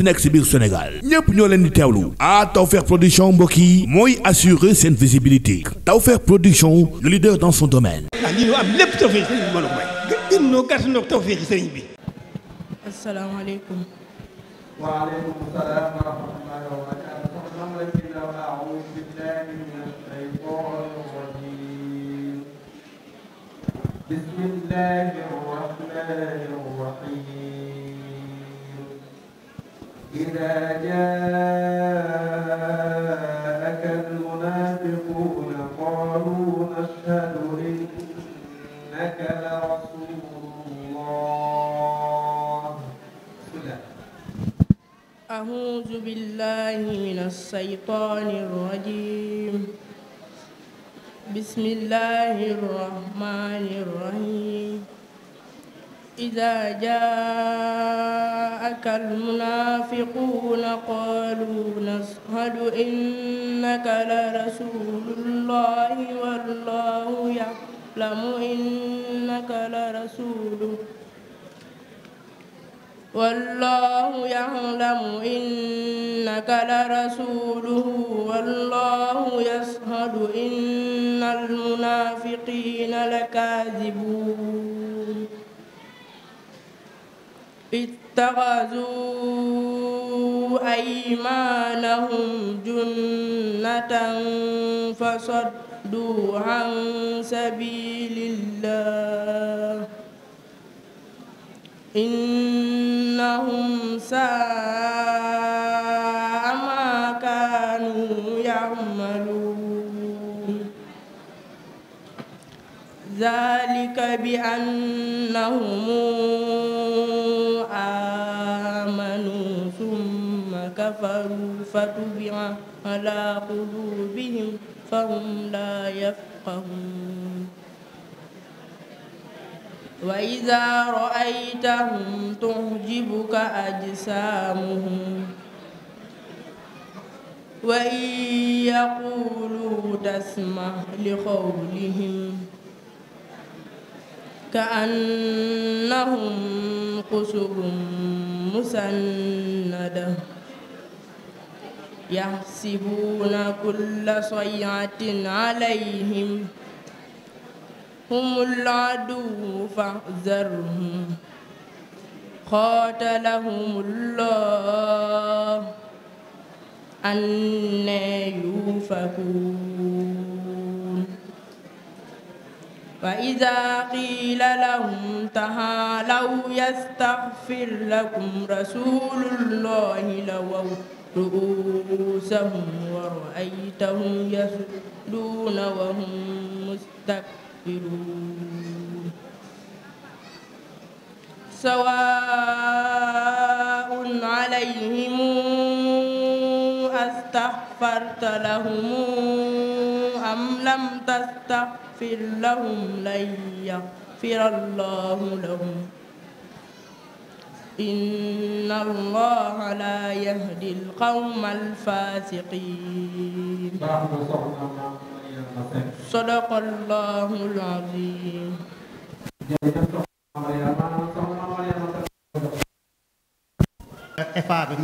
mënti nekk si biir Sénégal ñëpp ñoo leen di teewlu ah Tawfekh production mbokk yi mooy assurer seen visibilité Tawfekh production le leader dans son domaine. ah lii ñu am lépp Tawfekh sëriñ bi mën a may. gën ñoo gàtt ñoo Tawfekh sëriñ bi. asalaamaaleykum. waaleykum salaam wa rahmatullahi wa barakatuh. بسم الله الرحمن الرحيم إذا جاءك المنافقون قالوا نشهد إنك لرسول الله أعوذ بالله من الشيطان الرجيم بسم الله الرحمن الرحيم إذا جاءك المنافقون قالوا نشهد إنك لرسول الله والله يعلم إنك لرسوله والله يعلم إنك لرسوله والله يشهد إن المنافقين لكاذبون اتخذوا أيمانهم جنة فصدوا عن سبيل الله إنهم ساء ما كانوا يعملون ذلك بأنهم كفروا فتبع على قلوبهم فهم لا يفقهون وإذا رأيتهم تعجبك أجسامهم وإن يقولوا تسمع لقولهم كأنهم قسر مسنده يحسبون كل صيعة عليهم هم العدو فاحذرهم قاتلهم الله أنا يوفكون وإذا قيل لهم تعالوا يستغفر لكم رسول الله لووا رؤوسهم ورأيتهم يصدون وهم مستكبرون سواء عليهم أستغفرت لهم أم لم تستغفر لهم لن يغفر الله لهم inna allaha la yahdi alqawma alfasiqin sadaqa allahu bi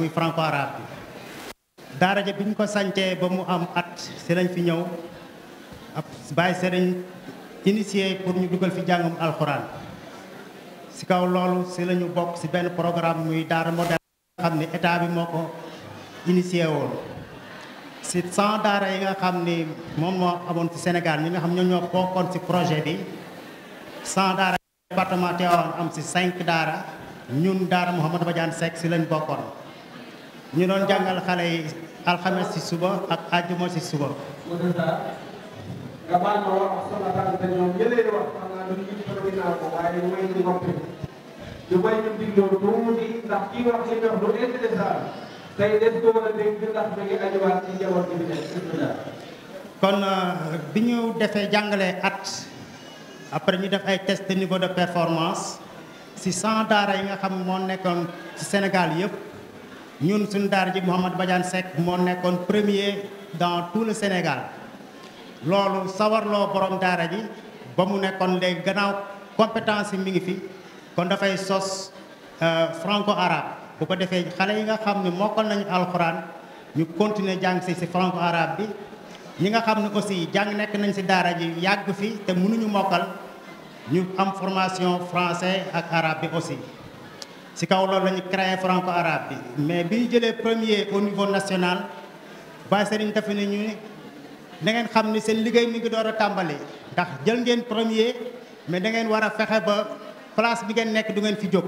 muy franco-arabe bi daara ja biñ ko sancee ba mu am at si lañ fi ñëw ab bàyyi sëriñ initié pour ñu dugal fi jàngum alxuraan si kaw loolu si lañu bokk ci benn programme muy daara moderne xam ne état bi moo ko initié woon si cent daara yi nga xam ni moom moo amoon ci Sénégal ñi nga xam ñoo ñoo bokkoon ci projet bi cent daara département Tivaouane am si cinq daara ñun daara Mouhamadou Badiane Seck si lañ bokkoon ñu doon jàngal xale yi alxames si suba ak àjjuma si suba naan ñu kon eh, bi ñu defee jàngalee at après ñu def ay test niveau de performance ci 100 daara yi nga xam moo nekkoon ci Sénégal yëpp ñun suñu daara ji Mouhamad Badiane Seck moo nekkoon premier dans tout le Sénégal loolu sawarloo borom daara ji ba mu nekkoon léegi gannaaw compétence yi mi ngi fi kon dafay sos euh, franco arabe bu ko defee xale yi nga xam ne mokkal nañu alxuraan ñu continuer jàng si si franco arabe bi ñi nga xam ne aussi jàng nekk nañ si daara ji yàgg fi te mënuñu mokkal ñu am formation français ak arabe bi aussi si kaw loolu la ñu franco arabe bi mais bi ñu jëlee premier au niveau national ba sëriñ dafa ne ñu ne na xam ni seen liggéey mi ngi door a tàmbali ndax jël ngeen premier mais da ngeen war a fexe ba place bi ngeen nekk du ngeen fi jóg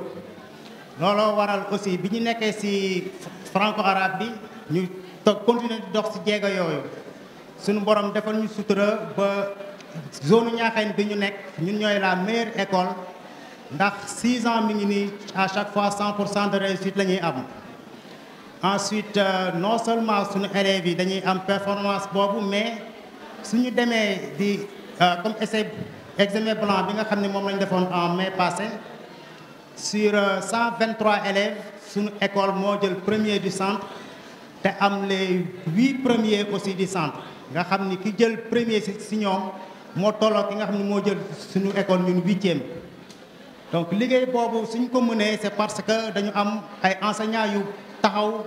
looloo waral aussi bi ñu nekkee ci franco arabe bi ñu toog continuer di dox ci jéego yooyu suñu borom defal ñu sutura ba zone Niakhène bi ñu nekk ñun ñooy la meilleure école ndax 6 ans mi ngi nii à chaque fois 100 pour cent de réussite la ñuy am ensuite euh, non seulement suñu élèves yi dañuy am performance boobu mais suñu demee di Euh, comme essai examen blanc bi nga xam ne moom la ñu defoon en mai passé sur 123 euh, élèves suñu école moo jël premier du centre te am les huit premiers aussi du centre nga xam ni ki jël premier si ñoom moo tolloo ki nga xam ne moo jël suñu école ñun huitième donc liggéey boobu suñ ko mënee c'est parce que dañu am ay enseignants yu taxaw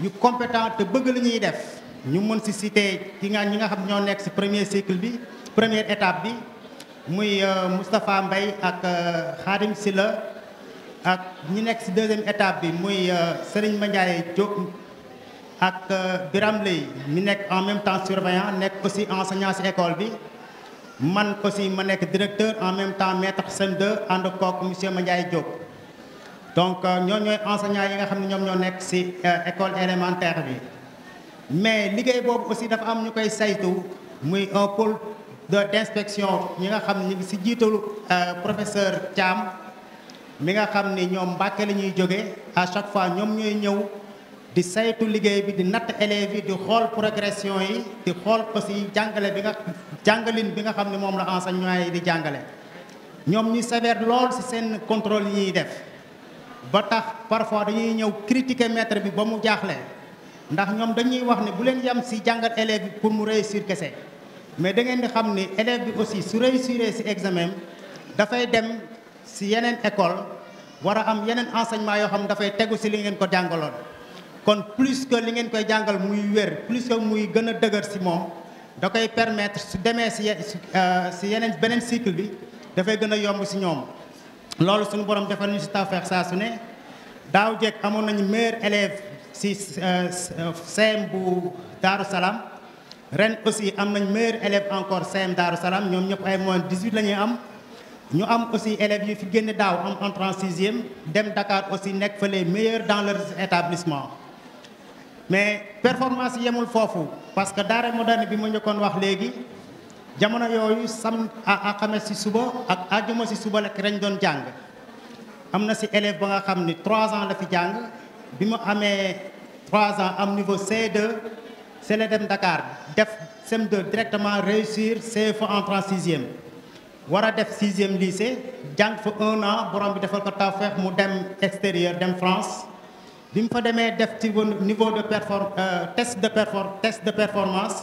yu compétent te bëgg li ñuy def ñu mën si citer ki nga ñi nga xam ñoo nekk si premier cycle bi première étape bi muy euh, Moustapha mbay ak euh, Khadim Silla ak ñi nekk si deuxième étape bi muy euh, Serigne Mandiaye Diop ak Biram Lay mi nekk en même temps surveillant nekk aussi enseignant si école bi man aussi ma nekk directeur en même temps maître CM2 ànd kook monsieur Mandiaye jóg donc ñoo ñooy enseignants yi nga xam ne ñoom ñoo nekk si école élémentaire bi mais liggéey boobu aussi dafa am ñu koy saytu muy un de d' ñi nga xam ni si jiitalu euh, professeur caam mi nga xam ni ñoom Mbàkke la ñuy jóge à chaque fois ñoom ñooy ñëw di saytu liggéey bi di natt élèves yi di xool progression yi di xool aussi jàngale bi nga jàngalin bi nga xam ne moom la enseignant yi di jàngale ñoom ñu sever lool si seen contrôle yi ñuy def ba tax parfois dañuy ñëw critiquer maître bi ba mu jaaxle ndax ñoom dañuy wax ne bu leen yem si jàngal élèves bi pour mu réussir kese mais da ngeen di xam ni élève bi aussi su réussir si examen dafay dem si yeneen école war a am yeneen enseignement yoo xam ne dafay tegu si li ngeen ko jàngaloon. kon plus que li ngeen koy jàngal muy wér plus que muy gën a dëgër si moom da koy permettre su demee si si euh, yeneen beneen cycle bi dafay gën a yomb si ñoom. loolu suñu borom defal ñu si tawfeex saa su ne daaw jekk amoon nañu meilleur élève si euh, euh, CEM bu Daaru Salaam. ren aussi am nañ meilleur élève encore CM Darou Salam ñoom ñëpp ay moins 18 la ñuy am ñu am aussi élèves yu fi génn daaw am entrée en sixième dem Dakar aussi nekk fa les meilleurs dans leur établissement mais performance yemul foofu parce que daara moderne bi mu nekkoon wax léegi jamono yooyu sam alxames ci suba ak àjjuma si suba rek lañ doon jàng am na si élève ba nga xam ni trois ans la fi jàng bi mu amee 3 ans am niveau C2 c'est la dem Dakar def CM2 directement réussir CFEE entrant sixième war a def sixième lycée jàng fa un an borom bi defal ko tawfeex mu dem extérieur dem France bi mu fa demee def ci niveau de perform euh, test de perform test de performance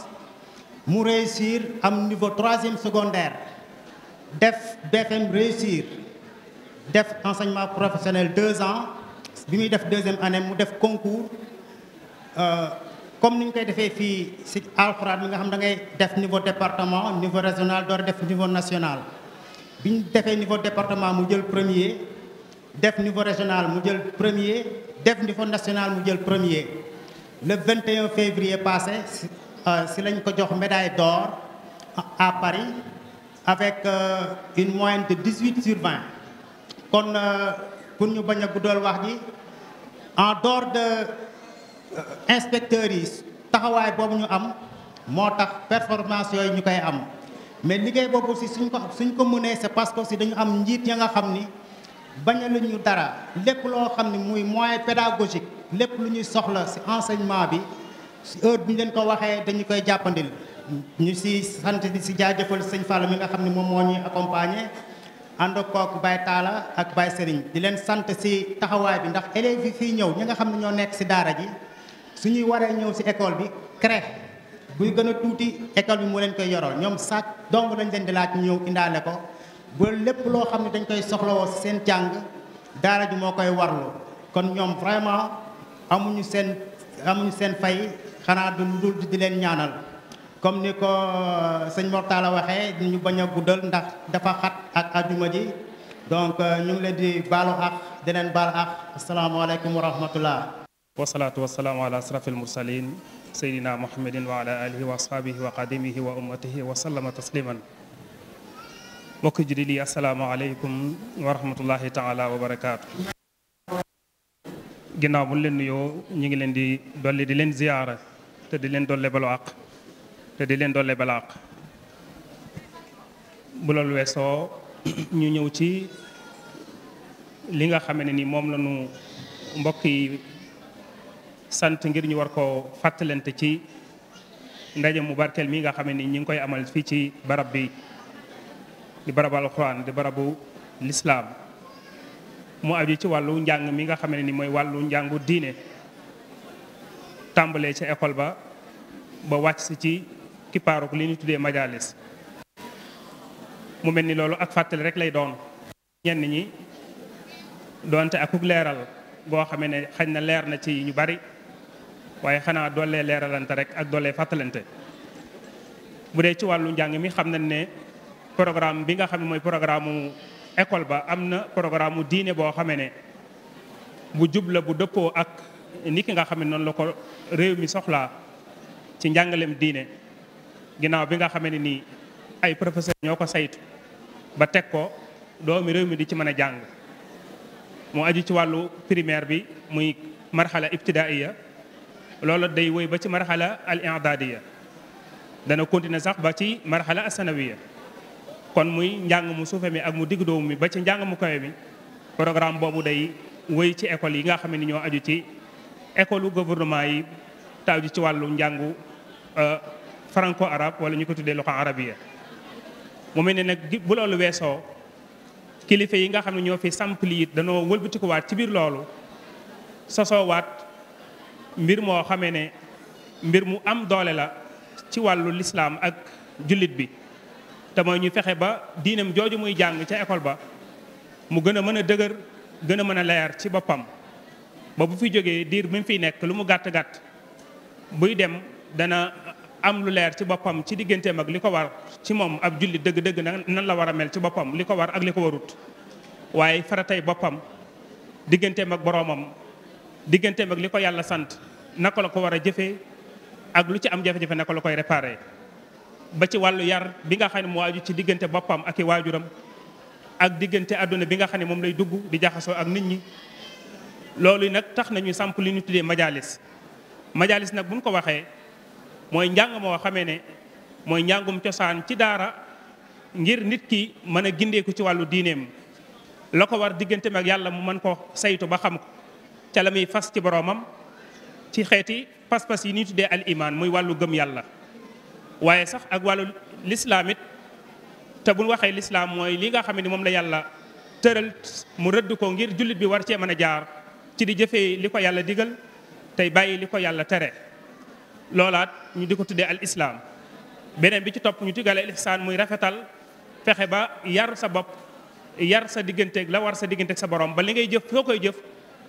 mu réussir am niveau troisième secondaire def BFM réussir def enseignement professionnel deux ans bi muy def deuxième année mu def concours. Euh, comme ni ñu koy defee fii si alxuraan bi nga xam da ngay def niveau département niveau régional door def niveau national bi ñu defee niveau département mu jël premier def niveau régional mu jël premier def national mu jël premier le 21 février passé euh, si lañ ko jox médaille d'or à Paris avec euh, une moyenne de 18 sur 20 kon euh, pour ñu bañ a guddal wax ji en dehors de inspecteurs yi taxawaay boobu ñu am moo tax performance yooyu ñu koy am mais liggéey boobu si suñ ko suñ ko mënee c'est parce que si dañu am njiit ya nga xam ni bañ a ñu dara lépp loo xam ni muy moyen pédagogique lépp lu ñuy soxla si enseignement bi heure bu ñu leen ko waxee dañu koy jàppandil ñu si sant di si jaajëfal sëñ Fall mi nga xam ni moom moo ñuy accompagner ànd kook Baye Talla ak Baye Serigne di leen sant si taxawaay bi ndax élèves yi fii ñëw ñi nga xam ne ñoo nekk si daara ji su ñuy waree ñëw si école bi CREC buy gën a tuuti école bi moo leen koy yoroo ñoom sax donc dañ leen di laaj ñëw indaale ko ba lépp loo xam ne dañ koy soxlawoo si seen jàng daara ji moo koy warlu kon ñoom vraiment amuñu seen amuñu seen fay xanaa du dul di leen ñaanal comme ni ko euh, sëñ a waxee ñu bañ a guddal ndax dafa xat ak ajuma ji donc euh, ñu ngi leen di baalu ak di leen baal ak asalaamaaleykum wa rahmatullah wasalaatu wasalaamu ala asrafil mursalin seydina muhammadin wa ala alihi wa asxaabihi wa qadimihi wa ummatihi wa sallama tasliman mbokk jullit yi asalaamaaleykum wa rahmatullahi taala wa barakaatu ginnaaw bu leen nuyoo ñu ngi leen di dolli di leen ziyaara te di leen dolle balu àq te di leen dolle bala àq bu loolu weesoo ñu ñëw ci li nga xam ne ni moom lañu mbokk yi sant ngir ñu war ko fàttalante ci ndaje mu barkeel mi nga xam ni ñu ngi koy amal fii ci barab bi di barabu alxuraan di barabu lislaam mu aju ci wàllu njàng mi nga xam ni mooy wàllu njàngu diine tàmbalee ci école ba ba wàcc si ci kippaaruk li ñu tuddee majalis mu mel ni loolu ak fàttali rek lay doon ñenn ñi doonte akuk leeral boo xamee ne xañ na leer na ci ñu bari waaye xanaa doole leeralante rek ak doole fàttalante bu dee ci wàllu njàng mi xam nañ ne programme bi nga xam ne mooy programme mu école ba am na programme mu diine boo xamee ne bu jub bu dëppoo ak ni ki nga xam ne noonu la ko réew mi soxla ci njàngaleem diine ginnaaw bi nga xamee ne nii ay professeur ñoo ko saytu ba teg ko doomi réew mi di ci mën a jàng mu aju ci wàllu primaire bi muy marxala ibtidaaiya loola day woy ba ci marxala al i'dadiya dana continuer sax ba ci marxala asanawiya kon muy njàng mu suufe mi ak mu digg doom mi ba ci njàng mu kawe mi programme boobu day woy ci école yi nga xam ne ñoo aju ci école gouvernement yi taw ji ci wàllu njàngu euh, franco arabe wala ñu ko tuddee loxo arabiya mu mel ne nag bu loolu weesoo kilifa yi nga xam ne ñoo fi samp lii danoo wëlbatikuwaat ci biir loolu sosoowaat mbir moo xamee ne mbir mu am doole la ci wàllu lislaam ak jullit bi te mooy ñu fexe ba diinam jooju muy jàng ca école ba mu gën a mën a dëgër gën a mën a leer ci boppam ba bu fi jógee diir bi mu fiy nekk lu mu gàtt-gàtt buy dem dana am lu leer ci boppam ci digganteem ak li ko war ci moom ab jullit dëgg-dëgg nan la war a mel ci boppam li ko war ak li ko warut waaye faratay boppam digganteem ak boroomam digganteem ak li ko yàlla sant naka la ko war a jëfee ak lu ci am jafe-jafe naka la koy réparer ba ci wàllu yar bi nga xam ne mu waaju ci diggante boppam ak i waajuram ak diggante àdduna bi nga xam ne moom lay dugg di jaxasoo ak nit ñi loolu nag tax nañu samp lu ñu tuddee majalis majalis nag buñ ko waxee mooy njàng moo xamee ne mooy njàngum cosaan ci daara ngir nit ki mën a gindeeku ci wàllu diineem la ko war diggante ak yàlla mu mën ko saytu ba xam ko ca la muy fas ci boroomam ci xeeti pas-pas yi ñuy tuddee al iman muy wàllu gëm yàlla waaye sax ak wàllu lislaam it te bu ñu waxee lislaam mooy li nga xam ne moom la yàlla tëral mu rëdd ko ngir jullit bi war cee mën a jaar ci di jëfee li ko yàlla digal tey bàyyi li ko yàlla tere loolaat ñu di ko tuddee al islaam beneen bi ci topp ñu tigale al muy rafetal fexe ba yar sa bopp yar sa digganteeg la war sa digganteeg sa borom ba li ngay jëf foo koy jëf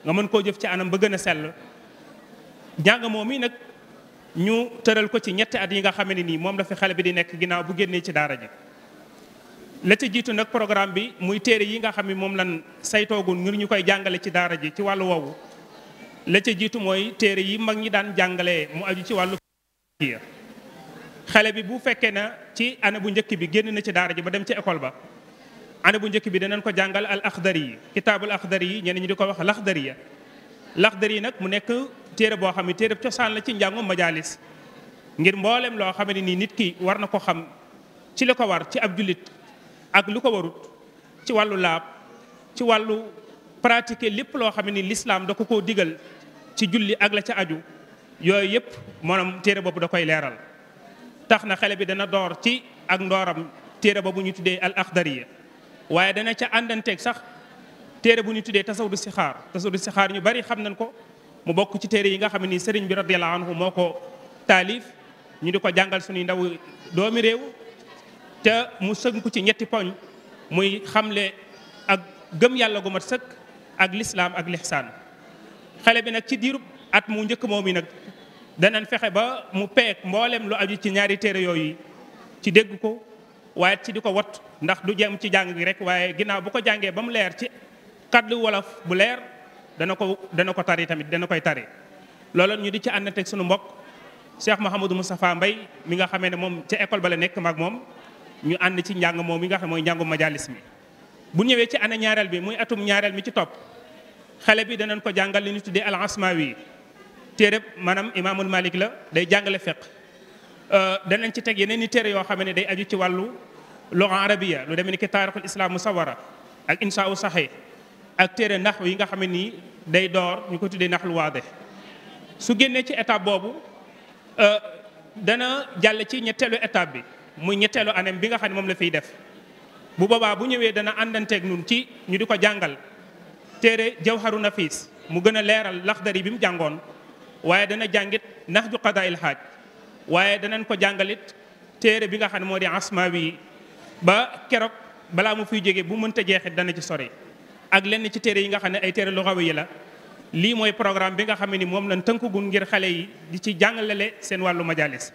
nga mën koo jëf ci anam ba gën a sell njàng moom yi nag ñu tëral ko ci ñetti at yi nga xam ne nii moom la fi xale bi di nekk ginnaaw bu génnee ci daara ji la jiitu nag programme bi muy téere yi nga xam ne moom lan saytoogun ngir ñu koy jàngale ci daara ji ci wàllu woowu la jiitu mooy téere yi mag ñi daan jàngalee mu aju ci wàll xale bi bu fekkee na ci année bu njëkk bi génn na ci daara ji ba dem ci école ba année bu njëkk bi danañ ko jàngal al axdari yi kitaabul axdari yi ñenn ñi di ko wax laxdari ya laxdari yi nag mu nekk téere boo xam ne téere cosaan la ci njàngum majalis ngir mboolem loo xam ne nii nit ki war na ko xam ci li ko war ci ab jullit ak lu ko warut ci wàllu laab ci wàllu pratiquer lépp loo xam ne nii lislaam da ko ko digal ci julli ak la ci aju yooyu yëpp maanaam téere boobu da koy leeral tax na xale bi dana door ci ak ndooram téere boobu ñu tuddee al axdariya waaye dana ca àndanteeg sax téere bu ñu tuddee tasawudu sixaar tasawudu sixaar ñu bari xam nañ ko mu bokk ci téere yi nga xam ne nii sëriñ bi radiyallahu anhu moo ko taalif ñu ni ko jàngal suñuy ndaw doomi réew te mu sënku ci ñetti poñ muy xamle ak gëm yàlla gu mat sëkk ak lislaam ak lixsaan xale bi nag ci diirub at mu njëkk moom yi nag danan fexe ba mu peek mboolem lu aju ci ñaari téere yooyu ci dégg ko waaye ci di ko wat ndax du jëm ci jàng bi rek waaye ginnaaw bu ko jàngee ba mu leer ci kaddu wolof bu leer dana ko dana ko tari tamit dana koy tari. loolu ñu di ci ànd teg sunu mbokk Cheikh Mouhamadou Moustapha mbay mi nga xamee ne moom ca école ba la nekk maag moom ñu ànd ci njàng moom mi nga xam mooy njàngu majalis mi. bu ñëwee ci année ñaareel bi muy atum ñaareel mi ci topp xale bi danañ ko jàngal li ñu tuddee al wii téere maanaam imaamul la day jàngale fiqh Euh, danañ ci teg yeneen i téere yoo xam ne day aju ci wàllu luga arabiya lu demee ni ki taarixul islam musawara ak insa u saxee ak téere nax yi nga xam ne nii day door ñu ko tuddee nax lu waade su génnee ci étape boobu euh, dana jàll ci ñetteelu étape bi muy ñetteelu anem bi nga xam ne moom la fiy def bu boobaa bu ñëwee dana àndanteeg nun ci ñu di ko jàngal téere jawharu nafis mu gën a leeral laxdari bi mu jàngoon waaye dana jàngit nax ju qadaayil xaaj waaye danañ ko jàngalit téere bi nga xam ne moo di Asmaawi ba keroog balaa mu fiy jógee bu mënta jeexit dana ci sore ak lenn ci téere yi nga xam ne ay téere luxawi yi la lii mooy programme bi nga xam ni moom lañ tënkugun ngir xale yi di ci jàngalale seen wàllu majalis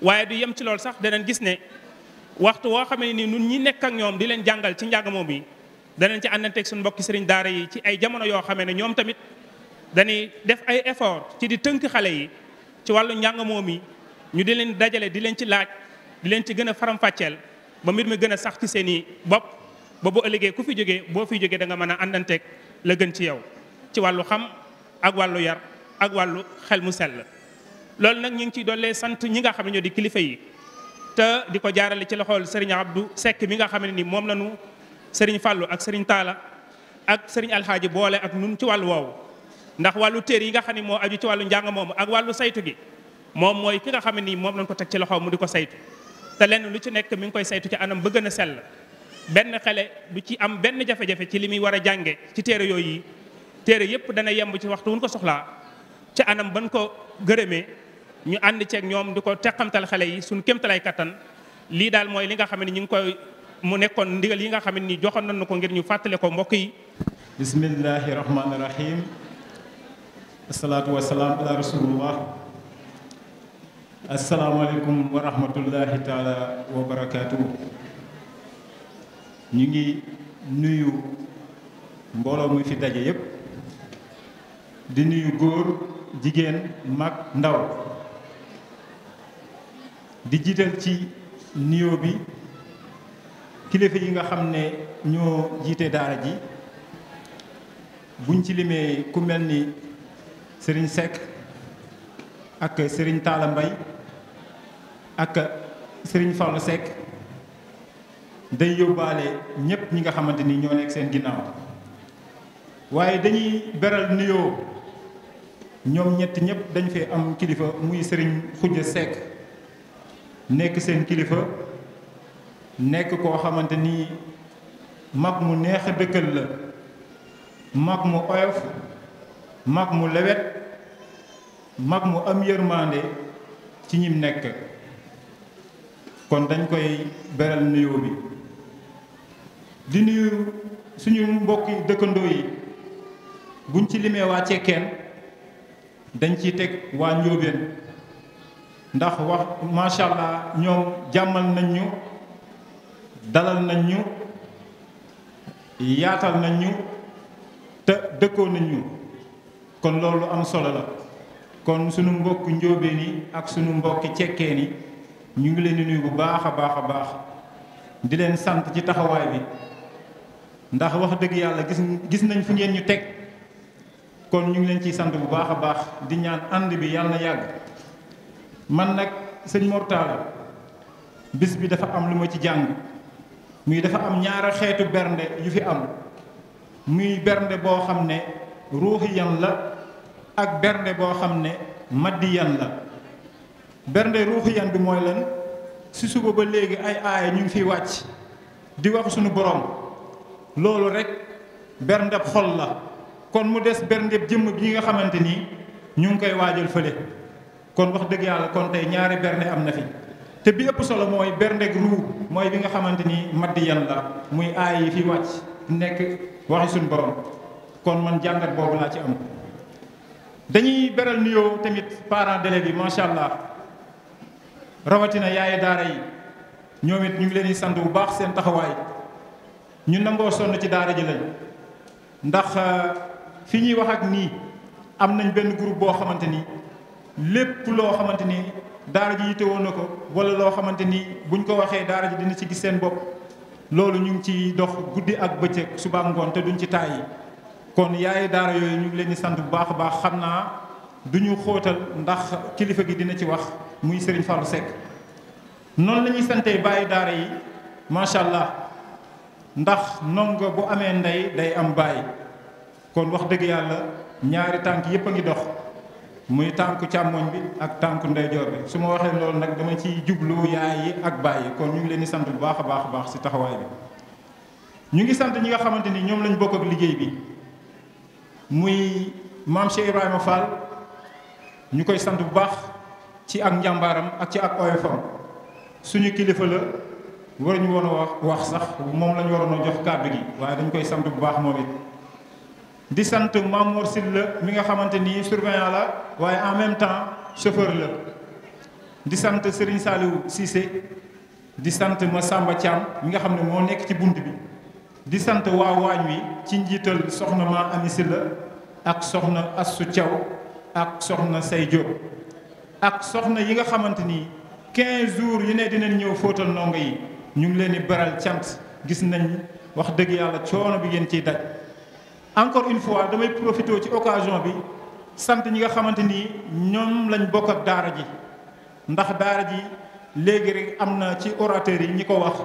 waaye du yem ci loolu sax danañ gis ne waxtu woo xam ne ni nun ñi nekk ak ñoom di leen jàngal ci njàng moom yi danañ ci àndanteeg suñu mbokki sëriñ daara yi ci ay jamono yoo xamee ne ñoom tamit dañuy def ay effort ci di tënk xale yi ci wàllu njàng moom ñu di leen dajale di leen ci laaj di leen ci gën a faram-fàcceel ba mbir mi gën a sax ci seen i bopp ba bu ëllëgee ku fi jógee boo fi jógee da nga mën a àndanteeg la gën ci yow ci wàllu xam ak wàllu yar ak wàllu xel mu sell loolu nag ñu ngi ciy dollee sant ñi nga xam ne ñoo di kilifa yi te di ko jaarale ci loxool Serigne Abdou sekk mi nga xam ne ni moom la ñu Serigne Fallou ak Serigne taala ak Serigne Alxaaji boole ak nun ci wàllu woowu ndax wàllu téere yi nga xam ne moo aju ci wàllu njàng moomu ak wàllu saytu gi moom mooy ki nga xam ne moom lañ ko teg ci loxo mu di ko saytu te lenn lu ci nekk mi ngi koy saytu ci anam ba gën a sell benn xale du ci am benn jafe-jafe ci li muy war a jànge ci téere yooyu yi téere yëpp dana yemb ci waxtu wuñ ko soxlaa ci anam ban ko gërëme ñu ànd ceeg ñoom di ko teqamtal xale yi suñ kémtalay kattan lii daal mooy li nga xam ne ñu ngi koy mu nekkoon ndigal yi nga xam ne ni joxoon nañu ko ngir ñu fàttale ko mbokk yi bismillahi rahmaani rahim asalaatu wasalaam ala rasulullah asalaamaaleykum wa rahmatullahi taala wa barakaatu. ñu ngi nuyu mbooloo muy fi daje yépp di nuyu góor jigéen mag ndaw di jiital ci nuyoo bi kilifa yi nga xam ne ñoo jiite daara ji buñ ci limee ku mel ni sëriñ Seck ak sëriñ Talla Mbaye ak Serigne Fallou Seck day yóbbaale ñépp ñi nga xamante ni ñoo nekk seen ginnaaw waaye dañuy beral nuyoo ñoom ñett ñépp dañ fee am kilifa muy Serigne Khoudia Seck nekk seen kilifa nekk koo xamante ni mag mu neex a dëkkal la mag mu oyof mag mu lewet mag mu am yërmande ci ñim nekk kon dañ koy beral nuyoo bi di nuyu suñu mbokki dëkkandoo yi buñ ci limee waa cekkeen dañ ci teg waa njóobeen ndax wax macha allah ñoom jàmmal nañ ñu dalal nañ ñu yaatal nañ ñu te dëkkoon nañu kon loolu am solo la kon sunu mbokk njóobe yi ak sunu mbokki cekkeen yi ñu ngi leen di nuyu bu baax a baax a baax di leen sant ci taxawaay bi ndax wax dëgg yàlla gis gis nañ fi ngeen ñu teg kon ñu ngi leen ciy sant bu baax a baax di ñaan ànd bi yàlla na yàgg man nag seen Mortalla bis bi dafa am lu ma ci jàng muy dafa am ñaari xeetu bernde yu fi am muy bernde boo xam ne ruuxi yan la ak bernde boo xam ne maddi yan la bernde ruuxu yan bi mooy lan si suba ba léegi ay aaya ñu ngi fiy wàcc di wax suñu borom loolu rek berndeb xol la kon mu des berndeb jëmm bi nga xamante ni ñu ngi koy waajal fële kon wax dëgg yàlla kon tey ñaari bernde am na fi te bi ëpp solo mooy berndeg ruu mooy bi nga xamante ni maddi yan la muy aaya yi fi wàcc nekk waxi suñu borom kon man jàngat boobu laa ci am dañuy beral nuyoo tamit parents dele bi macha allah rawatina yaaye daara yi ñoom ñu ngi leen di sant bu baax seen taxawaay ñu nangoo sonn ci daara ji lañ ndax euh, fi ñuy wax ak nii am nañ benn groupe boo xamante ni lépp loo xamante ni daara ji yite woon na ko wala loo xamante ni buñ ko waxee daara ji dina ci gis seen bopp loolu ñu ngi ci dox guddi ak bëccëg suba ngoon te duñu ci taay yi kon yaay daara yooyu ñu ngi leen di sant bu baax a baax xam naa duñu xootal xóotal ndax kilifa gi dina ci wax muy Serigne Fallou Seck noonu lañuy ñuy santee bàyyi daara yi macha allah ndax ndongo bu amee ndey day am bàyyi kon wax dëgg yàlla ñaari tànk yépp a ngi dox muy tànk càmmoñ bi ak tànk ndeyjoor bi su ma waxee loolu nag dama ciy jublu yaay yi ak bàyyi kon ñu ngi leen di sant bu baax a baax a baax si taxawaay bi ñu ngi sant ñi nga xamante ni ñoom lañ bokk ak liggéey bi. muy maam Cheikh Ibrahima Fall ñu koy sant bu baax ci ak njàmbaaram ak ci ak oyofam suñu kilifa la waruñu woon a wax wax sax moom lañu waroon a jox kàddu gi waaye dañu koy sant bu baax moom it di sant maam Mor la mi nga xamante ni surveillant la waaye en même temps chauffeur la di sant Serigne Saliou Cissé di sant Massamba Thiam mi nga xam ne moo nekk ci bunt bi di sant waa waañ wi ci njiital soxna ma amisi la ak soxna Assu Thiaw ak soxna Say Diop ak soxna yi nga xamante ni 15 jours yu ne dinañ ñëw fóotal ndongo yi ñu ngi leen di baral cant gis nañ wax dëgg yàlla coono bi ngeen ciy daj encore une fois damay profité ci occasion bi sant ñi nga xamante ni ñoom lañ bokk ak daara ji ndax daara ji léegi rek am na ci orateur yi ñi ko wax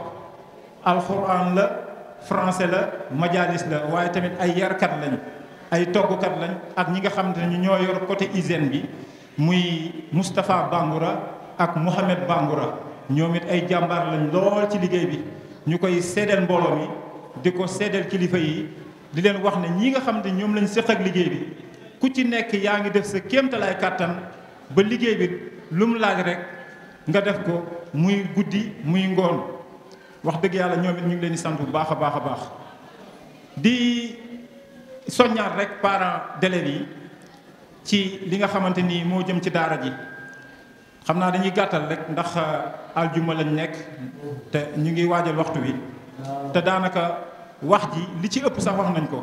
alxuraan la français la majalis la waaye tamit ay yarkat lañ ay toggkat lañ ak ñi nga xam ne ñoo yor côté hygiène bi muy Moustapha Bangoura ak Mohamed Bangoura ñoom it ay jàmbaar lañ lool ci liggéey bi ñu koy seedeel mbooloo mi di ko seedeel kilifa yi di leen wax ne ñi nga xam ne ñoom lañ séq ak liggéey bi ku ci nekk yaa ngi def sa kéemtalaay kàttan ba liggéey bi lu mu laaj rek nga def ko muy guddi muy ngoon wax dëgg yàlla ñoom it ñu ngi leen di sant bu baax a baax a baax di soññaat rek parent d'élèves yi ci li nga xamante ni moo jëm ci daara ji xam naa dañuy gàttal rek ndax euh, aljuma lañ nekk te ñu ngi waajal waxtu wi te daanaka wax ji li ci ëpp sax wax nañ ko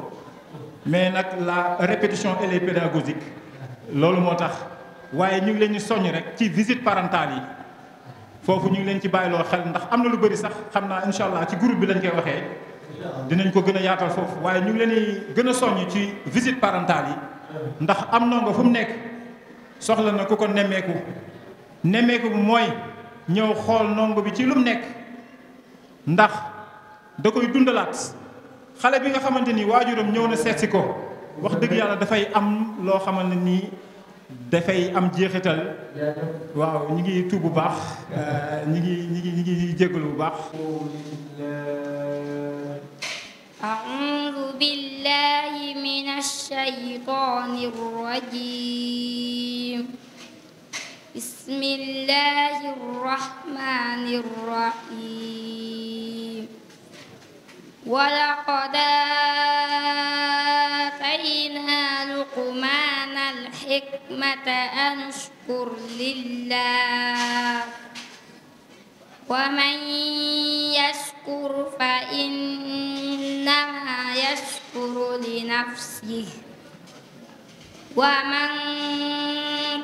mais nag la répétition elle est pédagogique loolu moo tax waaye ñu ngi leen ñu soññ rek ci visite parentale yi foofu ñu ngi leen ci bàyyi loo xel ndax am na lu bëri sax xam naa incha allah ci groupe bi lañ koy waxee dinañ ko gën a yaatal foofu waaye ñu ngi leen gën a soññ ci visite parentale yi ndax am ndongo fu mu nekk soxla na ku ko nemmeeku nemmeeku bu mooy ñëw xool ndongo bi ci lu mu nekk ndax da koy dundalaat xale bi nga xamante ni waajuram ñëw na seetsi ko wax dëgg yàlla dafay am loo xamante ni dafay am jeexital waaw ñi ngi tuub bu baax euh, ñi ngi ñi ngi ñi ngi jégalu bu baax a'udhu billahi minash shaytanir rajim bismillahir rahmanir rahim ولقد آتينا لقمان الحكمة أن اشكر لله ومن يشكر فإنما يشكر لنفسه ومن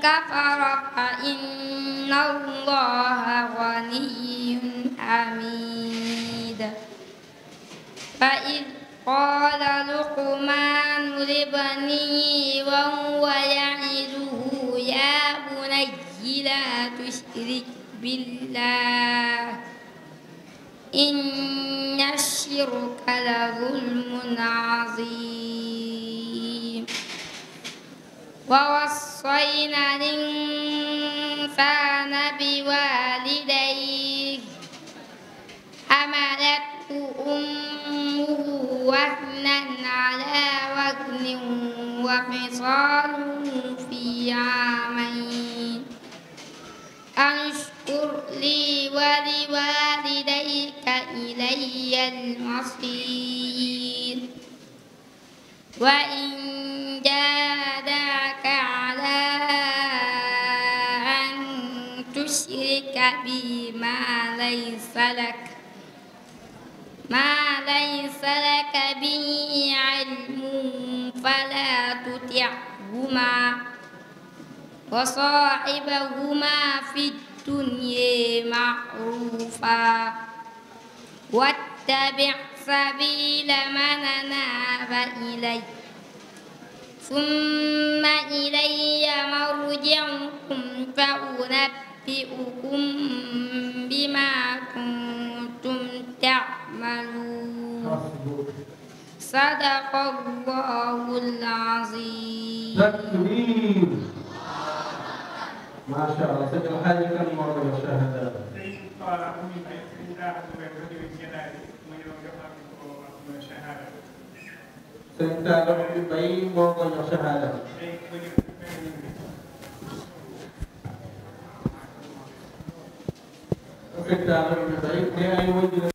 كفر فإن الله غني حميد فإذ قال لقمان لابنه وهو يعظه يا بني لا تشرك بالله إن الشرك لظلم عظيم ووصينا الإنسان بوالديه حملت وهنا على وهن وقصاره في عامين أن اشكر لي ولوالديك إلي المصير وإن جادعك على أن تشرك بما ليس لك ما ليس لك به علم فلا تطعهما وصاحبهما في الدنيا معروفا واتبع سبيل من أناب إلي ثم إلي Habib macha allah sëñ El Hadj kan moo ko def shahada sëñ Talla bi bay moo ko jox shahada sëñ Talla bi bay nee ay wajur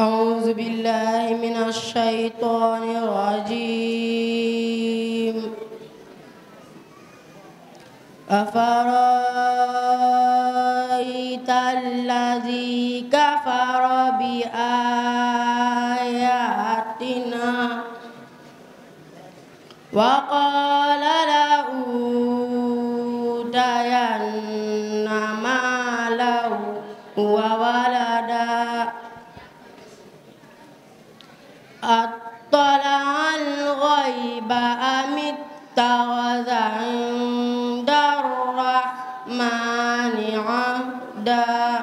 أعوذ بالله من الشيطان الرجيم أفرأيت الذي كفر بآياتنا وقال لأوتين مالا وولدا أطلع الغيب أم اتخذ عند الرحمن عهدا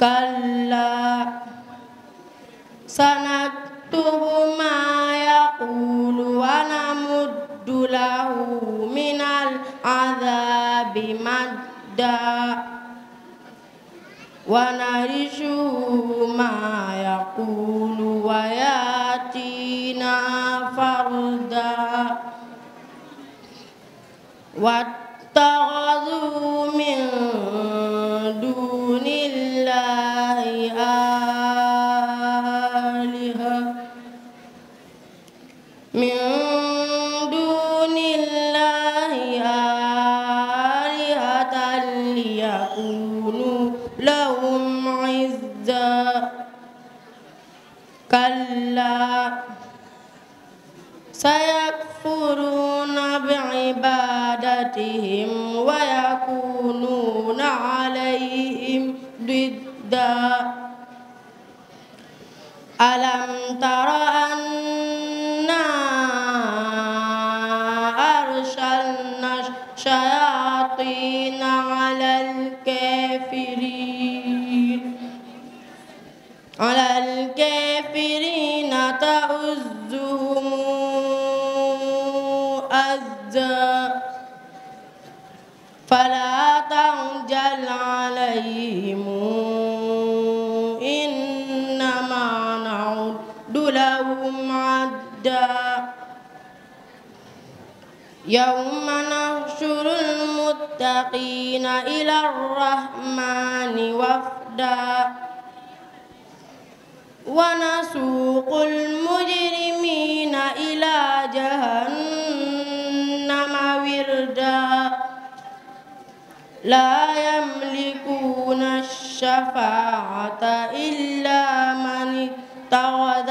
كلا سنكتب ما يقول ونمد له من العذاب مدا ونرشه ما يقول وياتينا فردا waa ترى يوم نحشر المتقين إلى الرحمن وفدا ونسوق المجرمين إلى جهنم وردا لا يملكون الشفاعة إلا من اتخذ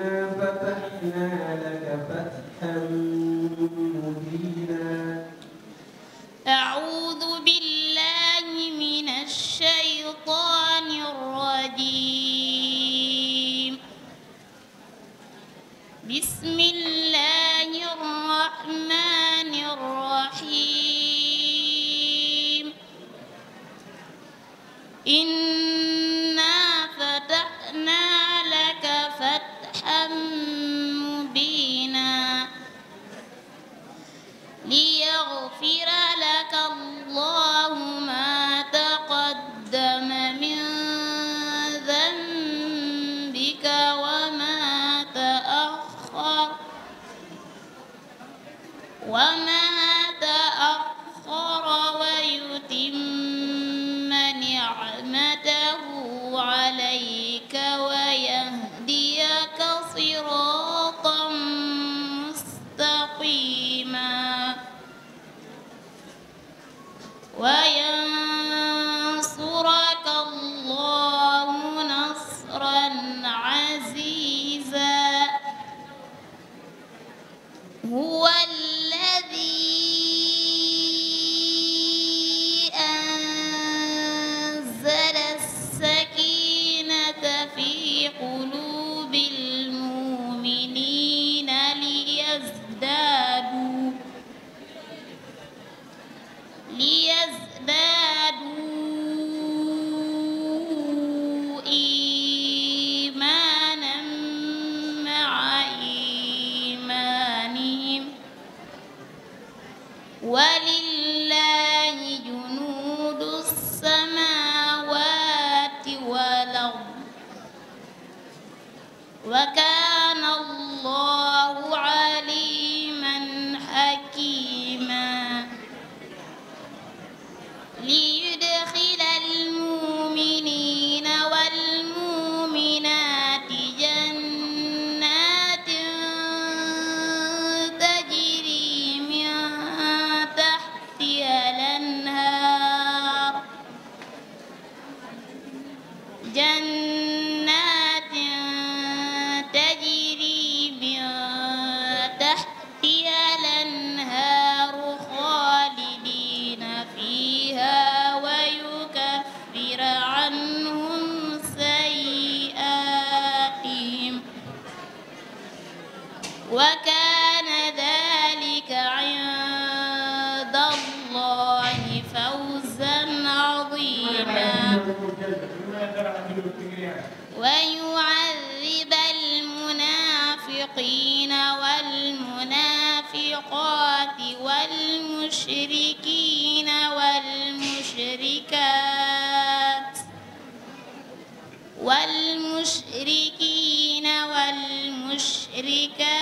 المشركين والمشركات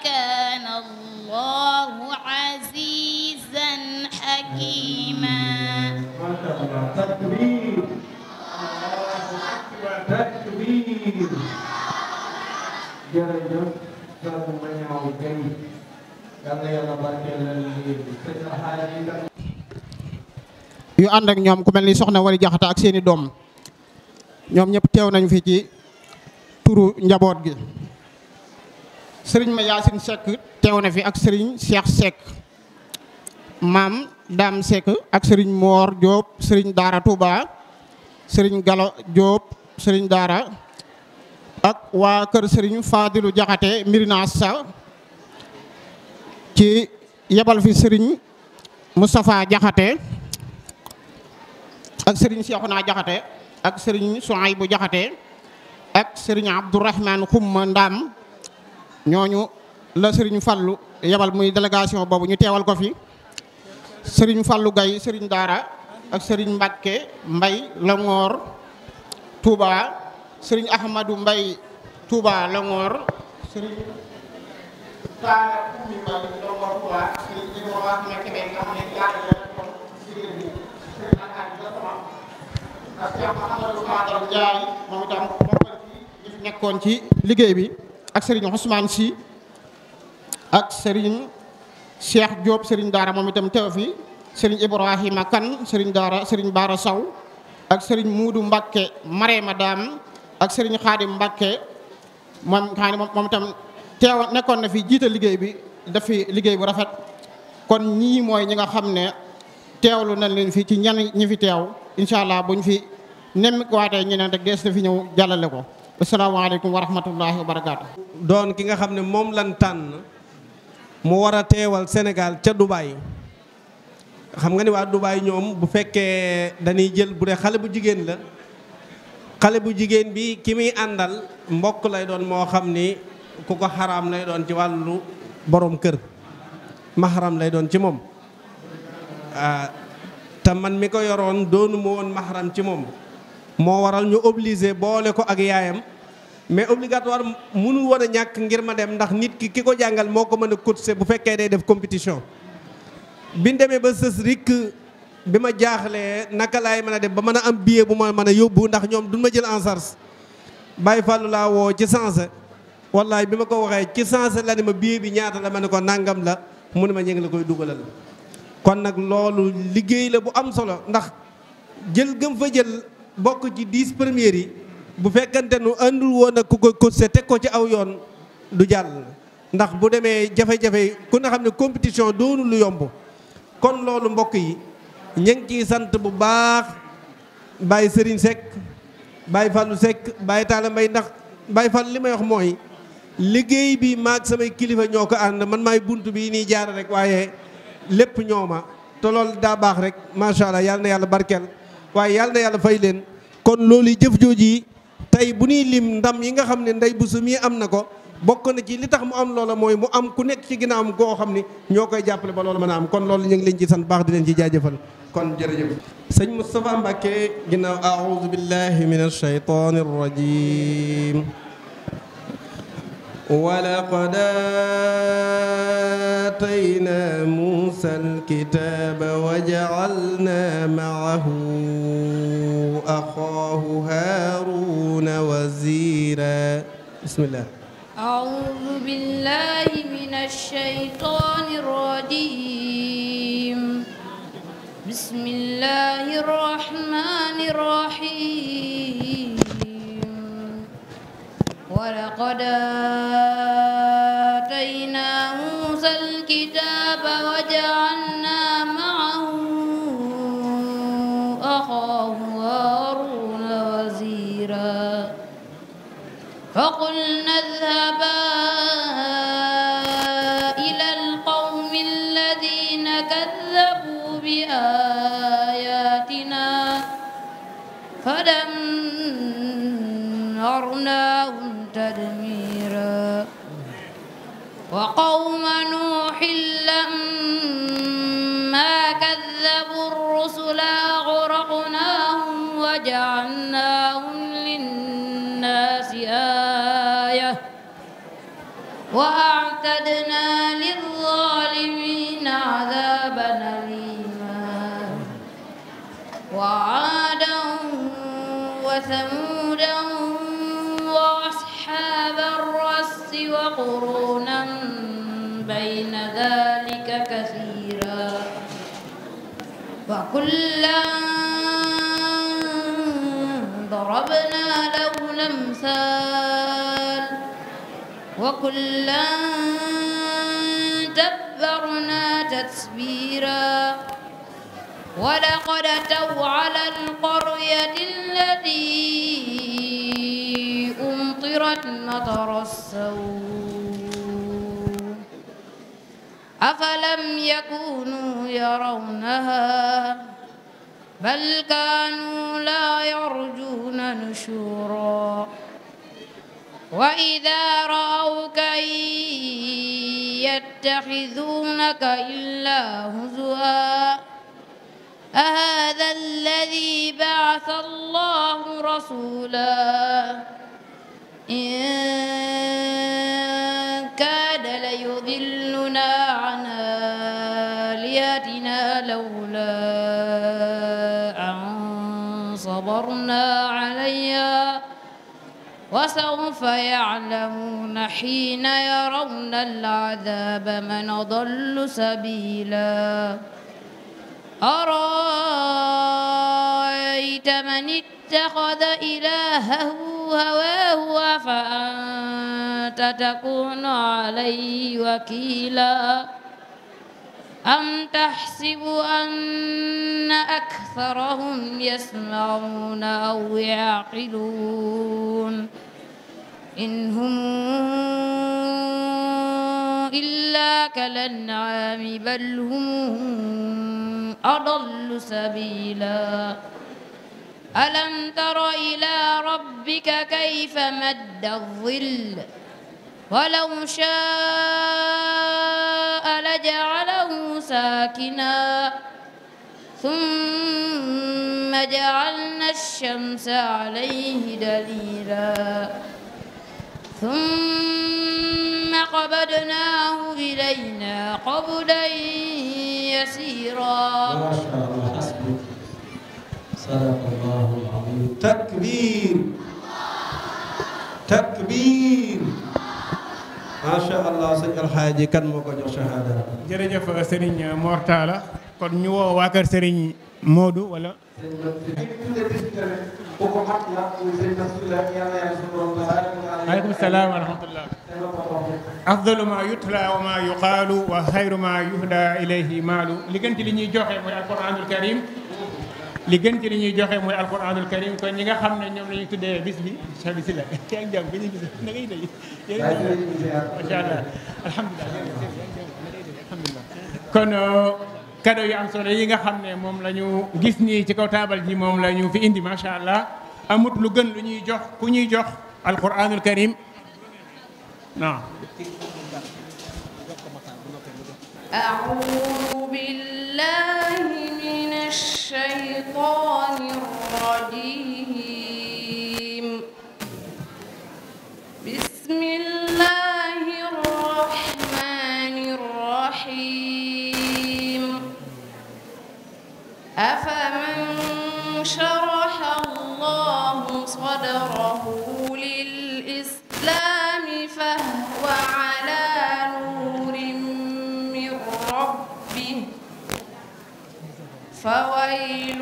وكان الله عزيزا حكيما تكبير ñoom ku mel ni soxna Wali Jaxata ak seeni doom ñoom ñëpp teew nañu fi ci turu njaboot gi. sëriñ ma yaasin Seck teew na fi ak sëriñ Cheikh Seck maam Dame Seck ak sëriñ Moor Diop sëriñ Daara Touba sëriñ Galo Diop sëriñ Daara ak waa kër sëriñ Fadilou Diakhaté Mirina Sa ci yebal fi sëriñ Moustapha Diakhaté ak sëriñ Cheikhouna Diakhaté ak sëriñ Souhaïbou Diakhaté ak sëriñ Abdourahmane Khouma Ndam ñooñu la Serigne Fallou yebal muy délégation boobu ñu teewal ko fi Serigne Fallou Gaye sëriñ Daara ak Serigne mbakke Mbay Langoor tuuba sëriñ Ahmadou Mbay Touba Langoor Serigne Taara nekkoon ci liggéey bi. ak sëriñ Ousmane si ak sëriñ Cheikh Diop sëriñ Daara moom itam teew fi sëriñ Ibrahima Kan sëriñ Daara sëriñ Baara Saw ak sëriñ Muudu Mbacke ma Daam ak sëriñ Xaadim Mbacke moom xaani moom itam teew nekkoon na fi jiite liggéey bi dafi liggéey bu rafet kon ñii mooy ñi nga xam ne teewlu nañ leen fii ci ñan ñi fi teew incha allah buñ fi nemmi waatee ñeneen rek dees na fi ñëw jàllale ko asalaamaaleykum wa rahmatullahi wa barakaatu. doon ki nga xam ne moom lan tànn mu war a teewal senegaal ca Dubaï xam nga ni waa Dubaï ñoom bu fekkee dañuy jël bu dee xale bu jigéen la xale bu jigéen bi ki muy àndal mbokk lay doon moo xam ni ku ko xaraam lay doon ci wàllu boroom kër maxaram lay doon ci moom ah, te man mi ko yoroon doonuma woon maxaram ci moom moo waral ñu obligé boole ko ak yaayam mais obligatoire mënul woon a ñàkk ngir ma dem ndax nit ki ki ko jàngal moo ko mën a cotiser bu fekkee day def compétition. biñ demee ba sës rikk bi ma jaaxlee naka laay mën a dem ba mën a am billet bu ma mën a yóbbu ndax ñoom duñ ma jël en charge bàyyi fàllu laa woo ci sens wallaay bi ma ko waxee ci sanse la ne ma billet bi ñaata la ma ne ko nàngam la mu ne ma ñu la koy dugalal kon nag loolu liggéey la bu am solo ndax jël. bokk ci dix premiers yi bu fekkante nu àndul woon ak ku ko course teg ko ci aw yoon du jàll ndax bu demee jafe-jafe ku ne xam ne compétition doonu lu yomb kon loolu mbokk yi ñu ngi ciy sant bu baax Baye Serigne Seck Baye Fallou Seck Baye Talla Mbaye ndax Baye Fallou li may wax mooy liggéey bi maag samay kilifa ñoo ko ànd man maay bunt bi nii jaar rek waaye lépp ñoo ma te loolu daa baax rek macha allah yal na yàlla barkeel waaye yal na yàlla fay leen kon loolu jëf jooju yi tey bu ñuy lim ndam yi nga xam ne ndey bu su am na ko bokk na ci li tax mu am loola mooy mu am ku nekk ci am goo xam ni ñoo koy jàppale ba loola mën a am kon loolu ñu ngi leen ci sant baax di leen ci jaajëfal kon jërëjëf sëñ Moustapha Mbacke ginnaaw aoudu billahi min alshaytan arrajim ولقد آتينا موسى الكتاب وجعلنا معه أخاه هارون وزيرا بسم الله أعوذ بالله من الشيطان الرجيم بسم الله الرحمن الرحيم ولقد آتينا موسى الكتاب وجعلنا معه أخاه هارون وزيرا فقلنا اذهبا أعتدنا للظالمين عذابا أليما وعادا وثمودا وأصحاب الرس وقرونا بين ذلك كثيرا وكلا ضربنا له الأمثال وكلا تبرنا تتبيرا ولقد أتوا على القرية التي أمطرت مطر السوء أفلم يكونوا يرونها بل كانوا لا يرجون نشورا وإذا رأوك يتخذونك إلا هزوا أهذا الذي بعث الله رسولا إن كاد ليضلنا عن آلهتنا لولا أن صبرنا وسوف يعلمون حين يرون العذاب من أضل سبيلا أرأيت من اتخذ إلهه هواه أفأنت تكون عليه وكيلا أم تحسب أن أكثرهم يسمعون أو يعقلون إن هم إلا كالأنعام بل هم أضل سبيلا ألم تر إلى ربك كيف مد الظل ولو شاء لجعله ساكنا ثم جعلنا الشمس عليه دليلا ثم قبضناه إلينا قبضا يسيرا ما شاء الله حسبك صدق الله العظيم تكبير takbir macha allah sëñ alxaaji kan moo ko jox shahada. jërëjëf Serigne Mor Talla kon ñu woo waa kër Serigne. Moodu wala. aleykum salaam wa rahmatullah. afdalu ma yutla wa ma yuqaalu wa xayru ma yuhda ilayhi maalu li gën ci li ñuy joxe mooy alquranul karim. li gën ci li ñuy joxe mooy alquranul karim kon ñi nga xam ne ñoom la ñuy tuddee bis bi sabi si la tey ak jàmm bi ñu gis na ngay tey yéen macha allah alhamdulilah alhamdulilah kon. Uh, cadeau yu am solo yi nga xam ne moom la ñu gis nii ci kaw taabal ji moom la ñu fi indi macha allah amut lu gën lu ñuy jox ku ñuy jox alquranul karim non أفمن شرح الله صدره للإسلام فهو على نور من ربه فويل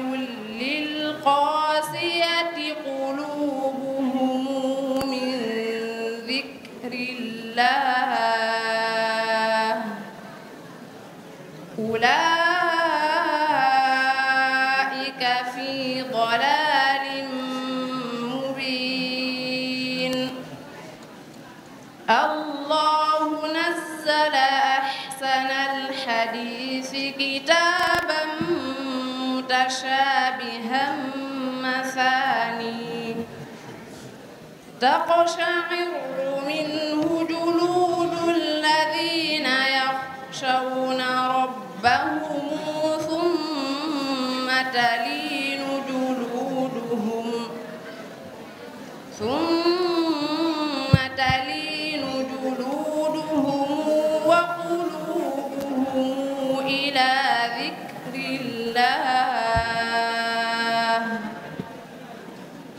للقاسية قلوبهم من ذكر الله أولئك الله نزل أحسن الحديث كتابا متشابها مثاني تقشعر منه جلود الذين يخشون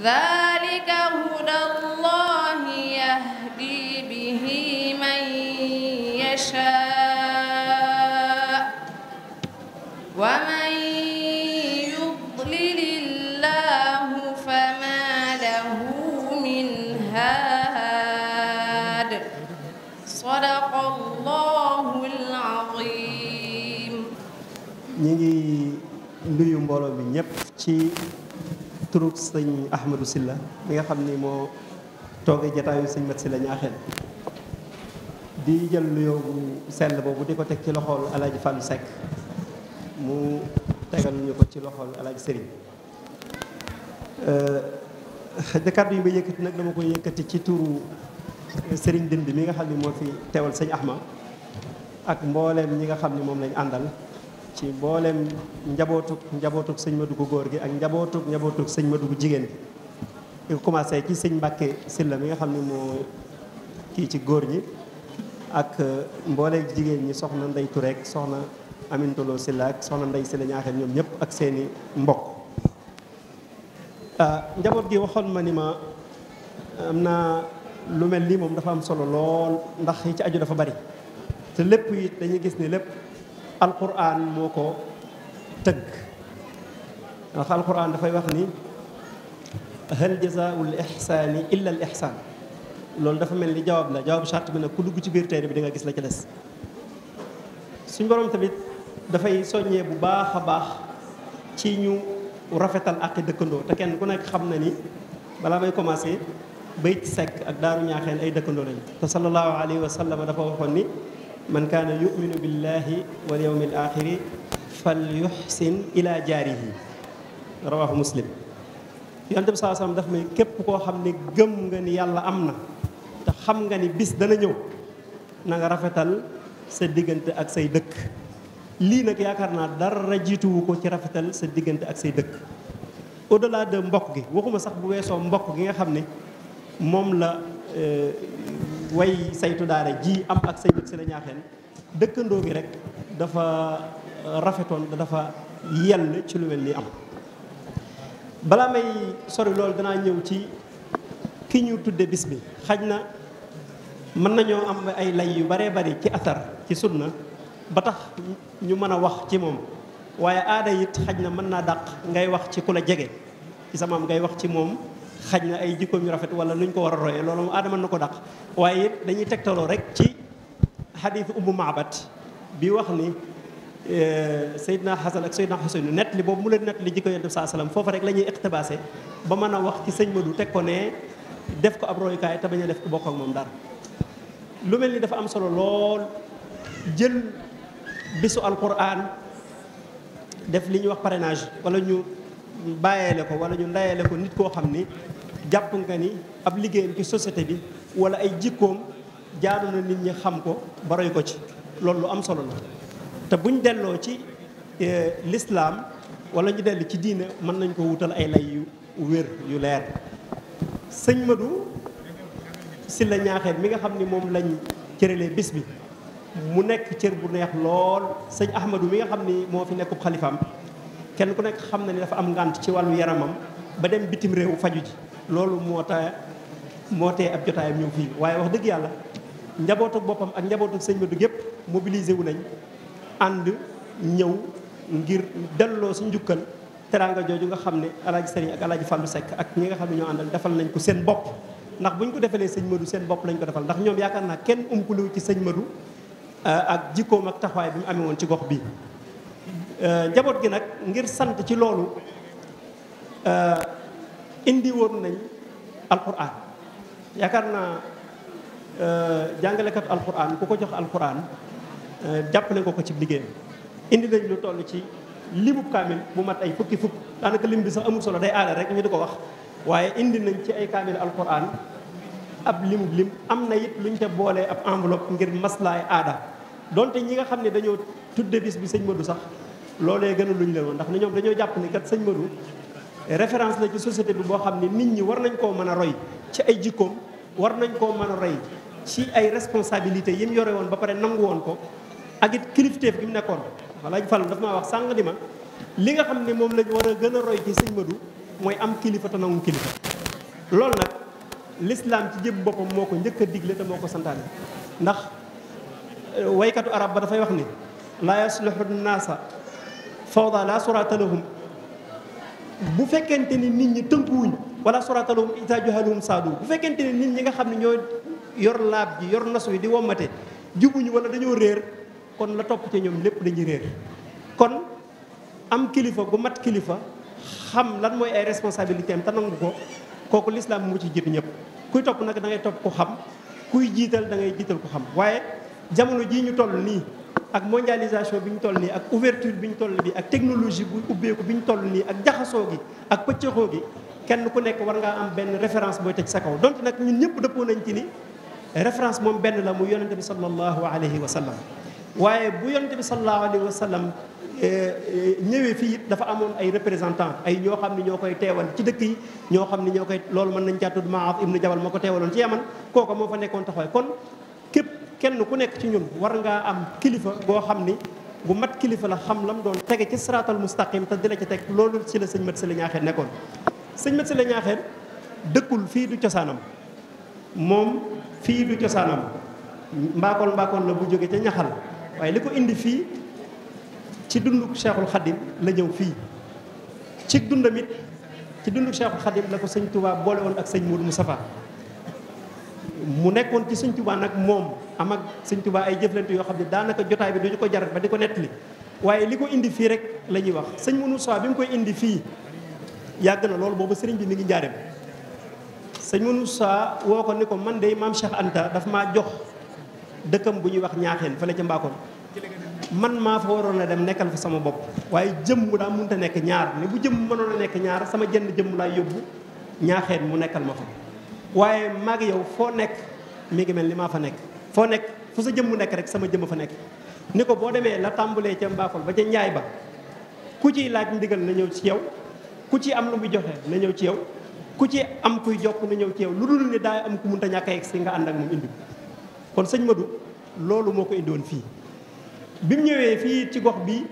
ذلك هدى الله يهدي به من يشاء ومن يضلل الله فما له من هاد صدق الله العظيم ñi ngi nuyu mbooloo mi ñépp ci turu sëñ Ahmadou Silla mi nga xam ni moo toogee jataayu sëñ Mat Silla Ñaaxeen di jël nuyoo bu sell boobu di ko teg ci loxool Alaaji Fàllu Sekk mu tegal ñu ko ci loxool Alaaji Sëriñ xëy euh, na kàddu yi may yëkkati nag dama koy yëkkati ci turu sëriñ Dindi mi nga xam ni moo fi teewal sëñ Ahma ak mbooleem ñi nga xam ni moom lañ àndal ci mboolem njabootug njabootug sëñ ma Madougou góor gi ak njabootug njabootug sëñ ma Madougou jigéen bi di commencé ci sëñ Mbàkke Sylla mi nga xam ne moo kii ci góor ñi ak euh, mboolem jigéen ñi soxna Ndey Touré ak soxna Amintuloo Sylla ak soxna Ndey Sylla ñaaxeen ñoom ñëpp ak seeni mbokk euh, njaboot gi waxoon ma ni ma am naa lu mel nii moom dafa am solo lool ndax yi ci aju dafa bari te lépp it dañuy gis ni lépp alquran moo ko tëgg ndax alquran dafay wax ni hal jazaul ihsaani illa al ihsaan loolu dafa mel ni jawaab la jawaab charte bi nag ku dugg ci biir téere bi da nga gis la ci des suñ borom tamit dafay soññee bu baax a baax ci ñu rafetal àqi dëkkandoo te kenn ku nekk xam na ni balaa may commencé bayt sekk ak daaru ñaaxeen ay dëkkandoo lañu te sallallahu alayhi wa sallam dafa waxoon ni man kaana yuminu billahi wal yawmil axiri fal yuxsin ila jaarihi rawahu muslim yonent bi saa salaam daf may képp koo xam ne gëm nga ni yàlla am na te xam nga ni bis dana ñëw na rafetal sa diggante ak say dëkk lii nag yaakaar naa dara jiituwu ko ci rafetal sa diggante ak say dëkk au mbokk gi waxuma sax bu weesoo mbokk gi nga xam ne moom la euh, way saytu daara ji am ak sëñ si la ñaaxeen dëkkandoo gi rek dafa euh, rafetoon dafa yell ci lu mel ni am balaa may sori loolu danaa ñëw ci ki ñu tudde bis bi xaj na mën nañoo am ay lay yu baree bari ci atar ci sut na ba tax ñu mën a wax ci moom waaye aada it xaj na mën naa dàq ngay wax ci ku la jege ci sa maam ngay wax ci moom xaj na ay jikkoom yu rafet wala luñ ko war a royee loolu moom aadama na ko daq waaye it dañuy tegtaloo rek ci xadiis ummu maabat bi wax ni e, Seydina Xasan ak Seydina Xuseyn nett li boobu mu leen nett li jikko ya bi saa salaam foofa rek la ñuy iqtibaase ba mën a wax ci sëñ Madu teg ko ne def ko ab royukaay te bañ a def ko bokk ak moom dara lu mel ni dafa am solo lool jël bisu alquran def li ñuy wax parrainage wala ñu bàyyeele ko wala ñu ndayeele ko nit koo xam ni jàpp nga ni ab liggéeyam ci société bi wala ay jikkoom jaadu na nit ñi xam ko ba ko ci loolu lu am solo la te buñ delloo ci e, lislaam wala ñu dellu ci diine mën nañ ko wutal ay lay yu wér yu leer sëñ si la Ñaaxeen mi nga xam ni moom lañ cëralee bis bi mu nekk cër bu neex lool sëñ Ahmadou mi nga xam ni moo fi nekkub xalifaam kenn ku nekk xam na ni dafa am ngànt ci wàllu yaramam ba dem bitim réew faju ji loolu moo tax moo tee ab jotaayam ñëw fii waaye wax dëgg yàlla njabootu boppam ak njabootu sëñ Badu gépp mobilisé wu nañ ànd ñëw ngir delloo su njukkal teraanga jooju nga xam ne alaaji sëriñ ak alaaji lu sekk ak ñi nga xam ne ñoo àndal defal nañ ko seen bopp ndax bu ñu ko defalee sëñ Madu seen bopp lañ ko defal ndax ñoom yaakaar naa kenn umpulewu ci sëñ Madu euh, ak jikkoom ak taxawaay bi mu amee ci gox bi Euh, njaboot gi nag ngir sant ci loolu euh, indi woon nañ alquran yaakaar naa euh, jàngalekat alquran ku ko jox alquran jàppale nga ko ci liggéeyam indi nañ lu toll ci limu kaamil bu mat ay fukki fukk daanaka lim bi sax amul solo day aada rek ñu di ko wax waaye indi nañ ci ay kaamil alquran ab limu lim am na it ñu ca boolee ab enveloppe ngir maslaay aada donte ñi nga xam ne dañoo tudde bis bi sëñ Modou sax loolee gën a luñ leen woon ndax ñoom dañoo jàpp ni kat sëñ Madou référence la ci société bi boo xam ne nit ñi war nañ koo mën a roy ci ay jikkoom war nañ koo mën a roy ci ay responsabilité yi mu yore woon ba pare nangu woon ko ak it kilifteef gi mu nekkoon walla Fallu dafa maa wax sàng di ma li nga xam ne moom lañ war a gën a roy ci sëñ Madou mooy am kilifa te nangu kilifa loolu nag l'islam ci jëm boppam moo ko njëkk a digle te moo ko santaane ndax euh, waykatu arab ba dafay wax ni fawda la surata bu fekkente ni nit ñi tënkuwuñ wala surata lahum isa johaluhum saadu bu fekkente ni nit ñi nga xam ne ñoo yor laab ji yor nos wi di wommate jubuñu wala dañoo réer kon la topp ci ñoom lépp dañuy réer kon am kilifa gu mat kilifa xam lan mooy ay responsabilité am te nangu ko kooku lislaam mu ci jiitu ñëpp kuy topp nag da ngay topp ko xam kuy jiital da ngay jiital ko xam waaye jamono jii ñu toll nii ak mondialisation bi ñu toll nii ak ouverture bi ñu toll bi ak technologie bu ubbeeku bi ñu toll nii ak jaxasoo gi ak pëccëxoo gi kenn ku nekk war ngaa am benn référence booy teg sa kaw donte nag ñun ñëpp dëppoo añ ci ni référence moom benn la mu yonente bi sallallahu alayhi wa sallam waaye bu yonente bi sallallahu alayhi wa sallam eh, eh, ñëwee fii it dafa amoon ay représentant ay ñoo xam ne ñoo koy teewal ci dëkk yi ñoo xam ne ñoo koy loolu mën nañ caa tudd Maaf ibnu Jabal moo ko teewaloon ci Yaman moo fa nekkoon taxawaay kon kenn ku nekk ci ñun war ngaa am kilifa goo xam ni bu mat kilifa la xam la mu doon tege ci siraatal mustaqim te di la ci teg loolu ci la sëñ mat si la ñaaxeen nekkoon sëñ mat si dëkkul fii du cosaanam moom fii du cosaanam mbaakol mbaakool la bu jóge ca ñaxal waaye li ko indi fii ci dunduk cheikhul xadim la ñëw fii ci dundam it ci dunduk cheikhul xadim la ko sëñ Touba boole woon ak sëñ Mourou Moustapha mu nekkoon ci sëñ Touba nag moom am ak sëñ Tuubaa ay jëflante yoo xam ne daanaka jotaay bi du duñu ko jar ba di ko li waaye li ko indi fii rek la ñuy wax sëñ Mounu Sow bi mu koy indi fii yàgg na loolu boobu sëriñ bi mi ngi njaareem sëñ Mounu Sow woo ko ni ko man de maam Cheikh Anta daf maa jox dëkkam bu ñuy wax ñaaxeen fële ca Mbaakoon man maa fa waroon a dem nekkal fi sama bopp waaye jëmm daa mun a nekk ñaar ne bu jëmm mënoon a nekk ñaar sama jënd jëmm laa yóbbu ñaaxeen mu nekkal ma waaye maag yow foo nekk mi mel ni maa fa nekk foo nekk fu sa jëm mu nekk rek sama jëmm fa nekk ni ko boo demee la tàmbalee ca mbaaxul ba ca njaay ba ku ciy laaj ndigal na ñëw ci yow ku ci am lu muy joxe na ñëw ci yow ku ci am kuy jokk na ñëw ci yow lu dul ni daay am ku munta ñàkk a si nga ànd ak moom indi kon sëñ Madou loolu moo ko indiwoon fii bi mu ñëwee fii ci gox bi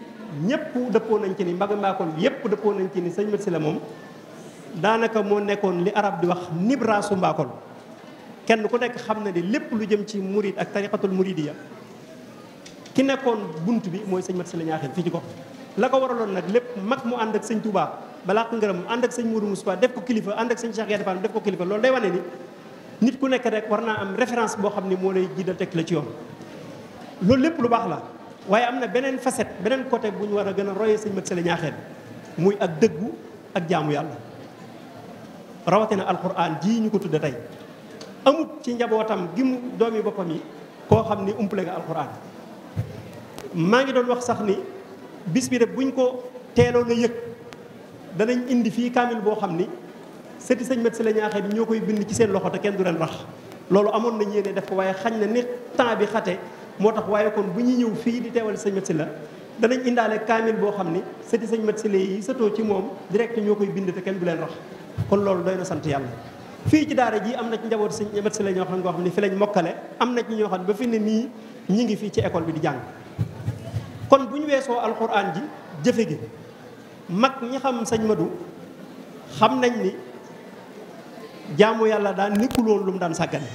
ñëpp dëppoo nañ ci ni mbaga mbaakoon yëpp dëppoo nañ ci ni sëñ Mat si la moom daanaka moo nekkoon li arab di wax nibraasu mbaakoon kenn ku nekk xam na ni lépp lu jëm ci murid ak tariqatul ya ki nekkoon bunt bi mooy sëñ Mat Sëla Ñaaxeen fii ci gox la ko waraloon nag lépp mag mu ànd ak sëñ Touba balaa ngërëm ànd ak sëñ Mourou Moussa def ko kilifa ànd ak sëñ Cheikh Yadda Fall def ko kilifa loolu day wane nit ku nekk rek war naa am référence boo xam ne moo lay jiital teg ci yoon loolu lépp lu baax la waaye am na beneen facette beneen côté bu ñu war a gën a royee sëñ Mat Sëla Ñaaxeen muy ak dëggu ak jaamu yàlla rawatina alquran jii ñu ko tudde tey amut ci njabootam gi mu doomi boppam yi koo xam ni umpale nga alxuraan maa ngi doon wax sax ni bis bi de buñ ko teeloon a yëg danañ indi fii kaamil boo xam ni sëti sëñ mat la ñaaxee bi ñoo koy bind ci seen loxo te du leen rax loolu amoon nañ yéene def waaye xañ na ni temps bi xate moo tax waaye kon bu ñuy ñëw fii di teewal sëñ mat la danañ indaale kaamil boo xam ni sëti sëñ mat si la yi satoo ci moom direct ñoo koy bind te kenn du leen rax kon loolu doy na sant yàlla fii ci daara ji am na ci njaboot si mat si la ñoo xam ne koo xam ne fi lañ mokkale am na ci ñoo xam ne ba fi ne nii ñu ngi fii ci école bi di jàng kon bu ñu weesoo alxuraan ji jëfe gi mag ñi xam sëñ Madou xam nañ ni jaamu yàlla daan nekkuloon lu mu daan sàggane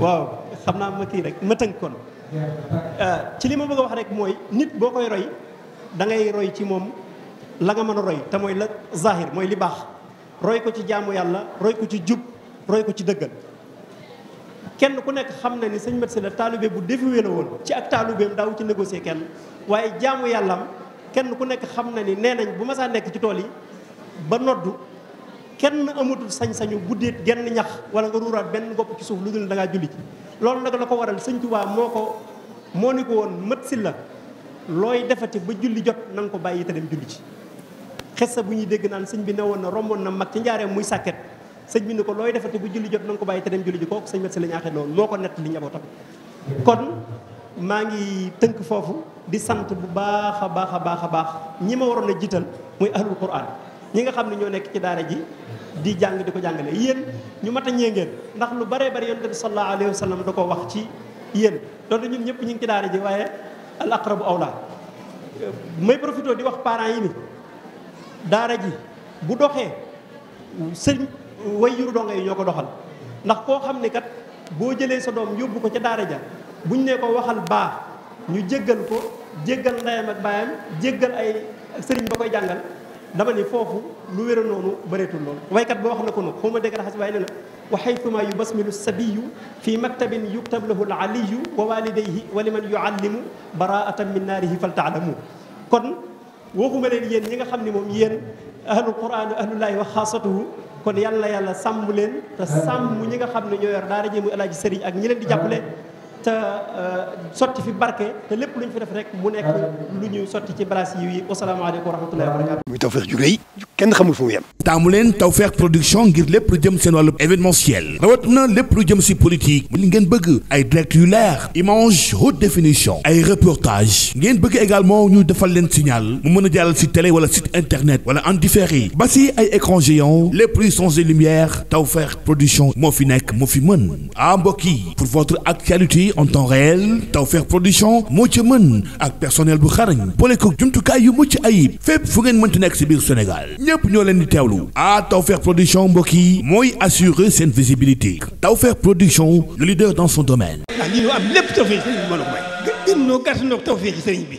waaw xam naa ma kii rek ma tënk kon ah, ci li ma bëgg a wax rek mooy nit boo koy roy dangay roy ci moom la nga mën a roy te mooy la zahir mooy li baax roy ko ci jaamu yàlla roy ko ci jub roy ko ci dëggal kenn ku nekk xam na ni sëñ Mat Sylla taalibe bu défiwee la woon ci ak taalibeem daaw ci négocier kenn waaye jaamu yàllam kenn ku nekk xam na ni nee nañ bu ma saa nekk ci tool yi ba noddu kenn amatul sañ-sañu guddeet genn ñax wala nga ruuraat benn bopp ci suuf lu dul da ngaa julli ci loolu nag la ko waral sëñ Tuubaa moo ko moo ni ko woon Mat Sylla looy defati ba julli jot na ko bàyyi te dem julli ci xes xesa bu ñuy dégg naan sëñ bi newoon na romboon na mag ci njaareem muy sàkket sëñ bi ni ko looy defati bu julli jot na nga ko bàyyi te dem julli ji kooku sëñ mat si la ñaaxee loolu ko kon maa ngi tënk foofu di sant bu baax a baax a baax a baax ñi ma waroon a jiital muy ahlul quran ñi nga xam ne ñoo nekk ci daara ji di jàng di ko jàngale yéen ñu mat a ñee ngeen ndax lu baree bari yonent bi sallallahu alayhi wa sallam da ko wax ci yéen donte ñun ñëpp ñu ngi ci daara ji waaye al aqrabu awla may profité di wax parents yi ni daara ji bu doxee sëñ way yuru donga yi ñoo ko doxal ndax koo xam ne kat boo jëlee sa doom yóbbu ko ca daara ja buñ ne ko waxal baax ñu jéggal ko jéggal ndeyam ak baayam jéggal ay sëriñ ba koy jàngal dama ni foofu lu wéra noonu bëreetul loolu waykat ba wax na ko nu xaw ma dégg raxas waaye ne na wa xaytuma yubasmilu sabiyu fi maktabin yuktab lahu al aliyu wa walidayhi wa liman yuallimu baraatan min naarihi faltaalamu kon waxuma leen yéen ñi nga xam ne moom yéen ahlul quraan ahlullahi wa xaasatuhu kon yàlla yàlla sàmm leen te sàmm ñi nga xam ne ñoo yor daara ji muy alaaji sëriñ ak ñi leen di jàppale te euh, sotti fi barke te lépp lu ñu fi def rek mu nekk lu ñuy sotti ci balaas yi asalaamaaleykum wa rahmatullahi wa barakaatu. muy Tawfekh ju kenn xamul fu mu yem. taamu leen Tawfekh production ngir lépp lu jëm seen wàllu événementiel rawat na lépp lu jëm si politique li ngeen bëgg ay direct yu leer image haute définition ay reportage ngeen bëgg également ñu defal leen signal mu mën a jàllal si télé wala site internet wala en différé ba si ay écran géant lépp luy changé lumière Tawfekh production moo fi nekk moo fi mën ah, en temps réel Tawfekh production moo ci mën ak personnel bu xarañ boole ko jumtukaay yu mucc ayib fépp fu ngeen mënti nekk si biir Sénégal ñépp ñoo leen di teewlu ah Tawfekh production mbokk yi mooy assurer seen visibilité Tawfekh production le leader dans son domaine. ah lii am lépp Tawfekh sëriñ bi bi.